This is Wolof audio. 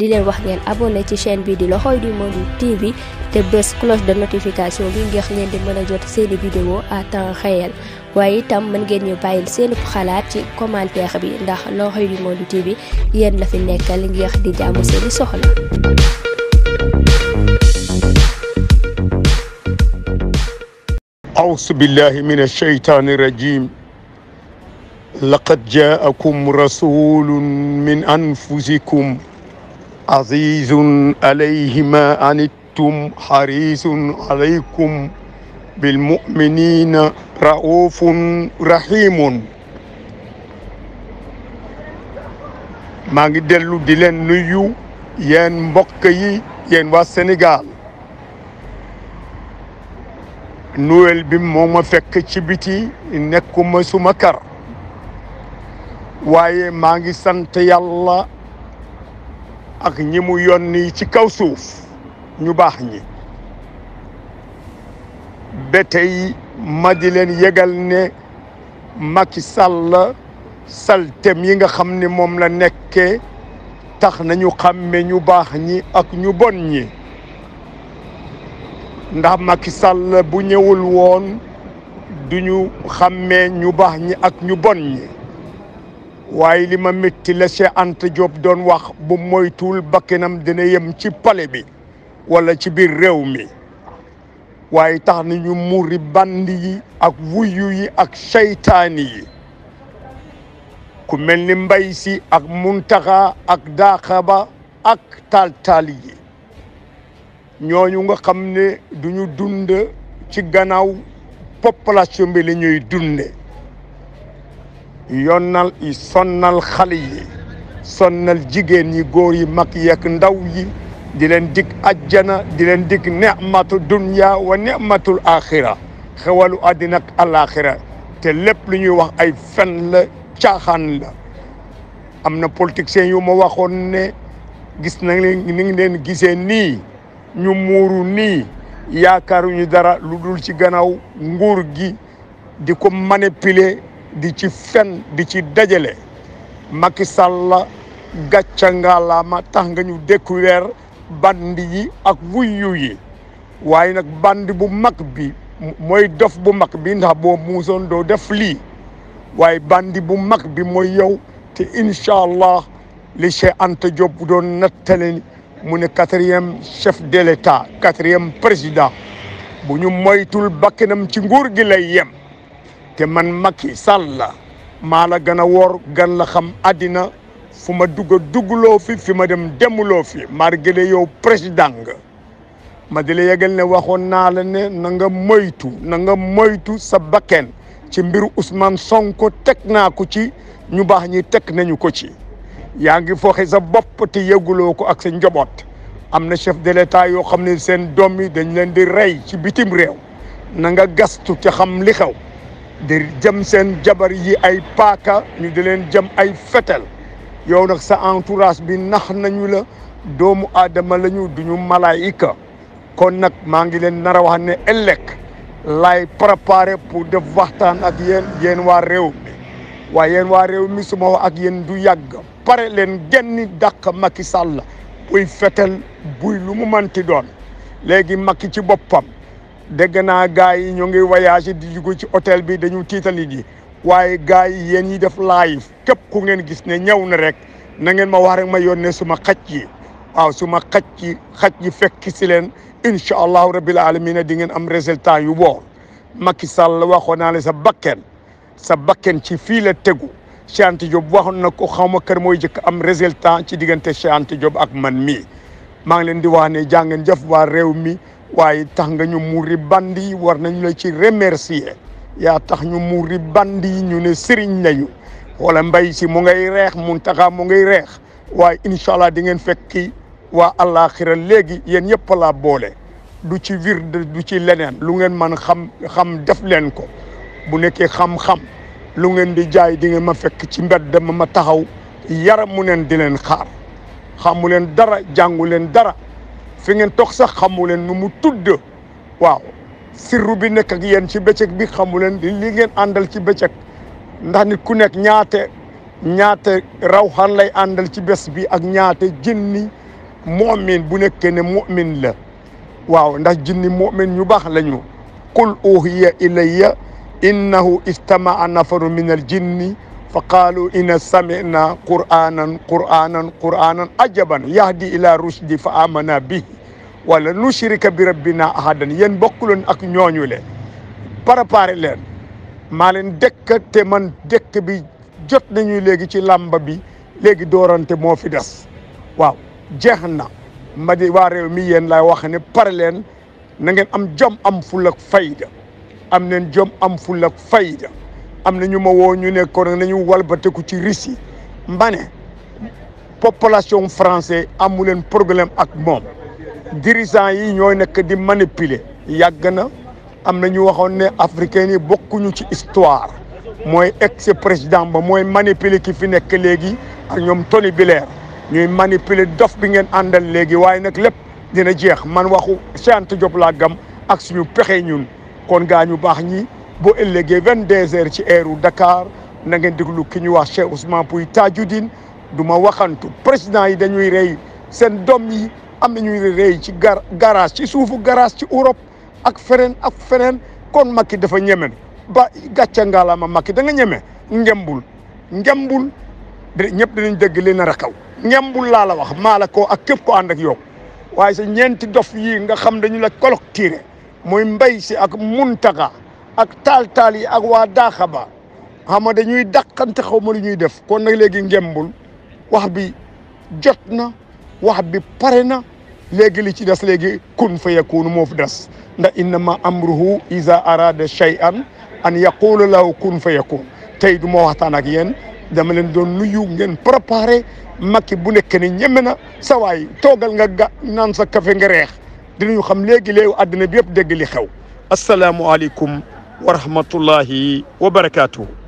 li leen wax ngeen abonné ci chaîne bi di l'oreille du monde TV te bés cloche de notification bi ngir ngeen di mën a jot seeni vidéo à temps réel waaye itam mën ngeen ñu bàyyil seen xalaat ci commentaire bi ndax l'oreille du monde TV yéen la fi nekkal ngir di jaamu seeni soxla. أعوذ بالله من الشيطان الرجيم لقد جاءكم رسول من أنفسكم عزيز عليه ما عنتم حريص عليكم بالمؤمنين رؤوف رحيم maa ngi dellu di leen nuyu yéen mbokk yi yéen waa Sénégal nuwel bi moo ma fekk ci biti nekkuma suma kar waaye maa ngi sant yàlla ak ñi mu yónni ci kaw suuf ñu baax ñi ba tey ma di leen yëgal ne Macky Sall saltem yi nga xam ni moom la nekkee tax nañu xàmme ñu baax ñi ak ñu bon ñi ndax Macky Sall bu ñëwul woon duñu xàmmee ñu baax ñi ak ñu bon ñi waaye lima ma métti la Cheikh Anta Diop doon wax bu moytuwul bakkanam dina yem ci pale bi wala ci biir réew mi waaye tax na ñu muuri band yi ak wuyu yi ak seytaani yi ku mel ni mbay si ak muntaxa ak daaxaba ak taal yi ñooñu nga xam ne duñu dund ci gannaaw population bi la ñuy dunde yonnal i sonnal xale yi sonnal jigéen ñi góor yi mag yeeg ndaw yi di leen dig ajjana di leen dig nematu dunya wa nematul axira xewalu àddina ak alaxira te lépp lu ñuy wax ay fen la caaxaan la am na politiciens yu ma waxoon ne gis na ni ngi leen gisee nii ñu muuru nii yaakaaruñu dara lu dul ci gannaaw nguur gi di ko manipuler di ci fen di ci dajale Macky Sall gàcca ngaalaama tax nga ñu découvert bandi yi ak wuyyu yi waaye nag bandi bu mag bi mooy dof bu mag bi ndax boo muusoon doo def lii waaye bandi bu mag bi mooy yow te incha allah li Cheikh Anta Diop doon nattale mu ne quatrième chef de l' état président bu ñu moytul bakkanam ci nguur gi lay te man Macky Sall maa la gën a woor gan la xam àddina fu ma dugg a dugguloo fi fi ma dem demuloo fi margile yow président nga ma di la yegal ne waxoon naa la ne na nga moytu na sa bakken ci mbiru Ousmane Sonko teg naa ko ci ñu baax ñi teg nañu ko ci yaa ngi fooxe sa bopp te yëguloo ko ak sa njaboot am na chef de l'État yoo xam ne seen doom yi dañ leen di rey ci bitim réew na nga gastu te xam li xew di jëm seen jabar yi ay paaka ñu di leen jëm ay fetel yow nag sa entourage bi nax nañu la doomu aadama lañu duñu malaayika kon nag maa ngi leen nara a wax ne ëllëg lay préparé pour def waxtaan ak yéen yéen waa réew mi waaye yéen waa réew mi su ak yéen du yàgg pare leen genni dàq Macky Sall buy fetel buy lu mu manti doon léegi Macky ci boppam dégg naa gars yi ñu ngi voyagé di dugg ci hôtel bi dañu tiital nit yi waaye gars yi yéen ñi def live képp ku ngeen gis ne ñëw na rek na ngeen ma wax rek ma yónnee suma xaj yi waaw suma xaj yi xaj yi fekk si leen incha allahu rabil alamina di ngeen am résultat yu boor Macky Sall waxoon naa ne sa bakken sa bakken ci fii la tegu Cheikh Anta Diop waxoon na ko xaw ma kër mooy jëkk am résultat ci diggante Cheikh Anta Diop ak man mii maa ngi leen di wax ne jàngeen jëf réew mi waaye tax nga ñu muri bandi war nañu la ci remercier yaa tax ñu muri bandi ñu ne sëriñ lañu wala mbay si mu ngay reex Muntaxa mu ngay reex waaye incha allah di ngeen fekk waa àllaaxira léegi yéen ñëpp laa boole du ci wirde du ci leneen lu ngeen man xam xam def leen ko bu nekkee xam-xam lu ngeen di jaay di ngeen ma fekk ci mbedd ma ma taxaw yaram mu neen di leen xaar xamu leen dara jàngu leen dara fi ngeen toog sax xamu leen nu mu tudd waaw sirru bi nekk ak yéen ci bëccëg bi xamu leen li ngeen àndal ci bëccëg ndax ni ku nekk ñaate ñaate rawxan lay àndal ci bés bi ak ñaate jinni mu'min bu nekkee ne mu'min la waaw ndax jinni mu'min ñu baax lañu qul uhiya ilayya innahu istama'a nafaru min al jinni fa qaalu inna samina qur'anan qur'anan qur'anan ajaban yahdi ila rushdi fa amana bi wala nushrika bi rabbina ahadan yéen bokkuloon ak ñooñu le préparé leen maa leen dëkk te man dëkk bi jot nañu léegi ci làmba bi léegi doorante moo fi des waaw jeex na ma di waa réew mi yéen laay wax ne pare leen na ngeen am jom am ful ak fayda am leen jom am ful ak fayda amna ñu ma wo ñu nañu Russie population français a un problème ak mom dirigeants yi ñoy nek di manipuler yàgg na ñu ne africain yi ñu ci histoire moy ex président ba moy manipuler ki fi nek légui ak ñom Tony Blair ñuy manipuler dof bi ngeen andal légui nak dina jeex man waxu gam ak suñu boo ëllëgee vingt deux heures ci eeru Dakar na ngeen déglu ki ñu wax Cheikh Ousmane Pouye Tadjidine du ma waxantu président yi dañuy rey seen doom yi am na ñuy rey ci gar garage ci suufu garage ci Europe ak feneen ak feneen kon Macky dafa ñeme ba gàcce ngaalaama Macky da nga ñeme ngembul ngembul ñëpp dinañ dégg li nar a kaw ngembul laa la wax maala ko ak képp ko ànd ak yow waaye sa ñeenti dof yi nga xam dañu la collecté mooy mbay si ak muntaga ak tal tal yi ak wa daaxa ba xam dañuy dàqante xaw li ñuy def kon nak legi ngembul wax bi jotna wax bi parena legi li ci dess legi kun fa yakun mo fi des ndax innama amruhu iza arada shay'an an yaqulu lahu kun fa yakun tay du mo waxtan ak yéen dama len doon nuyu ngeen préparer makki bu nek ni ñemena sa way togal nga nan sa café nga reex dinañu xam legi léegi àddina bi yep dégg li xew asalaamualeykum ورحمة الله وبركاته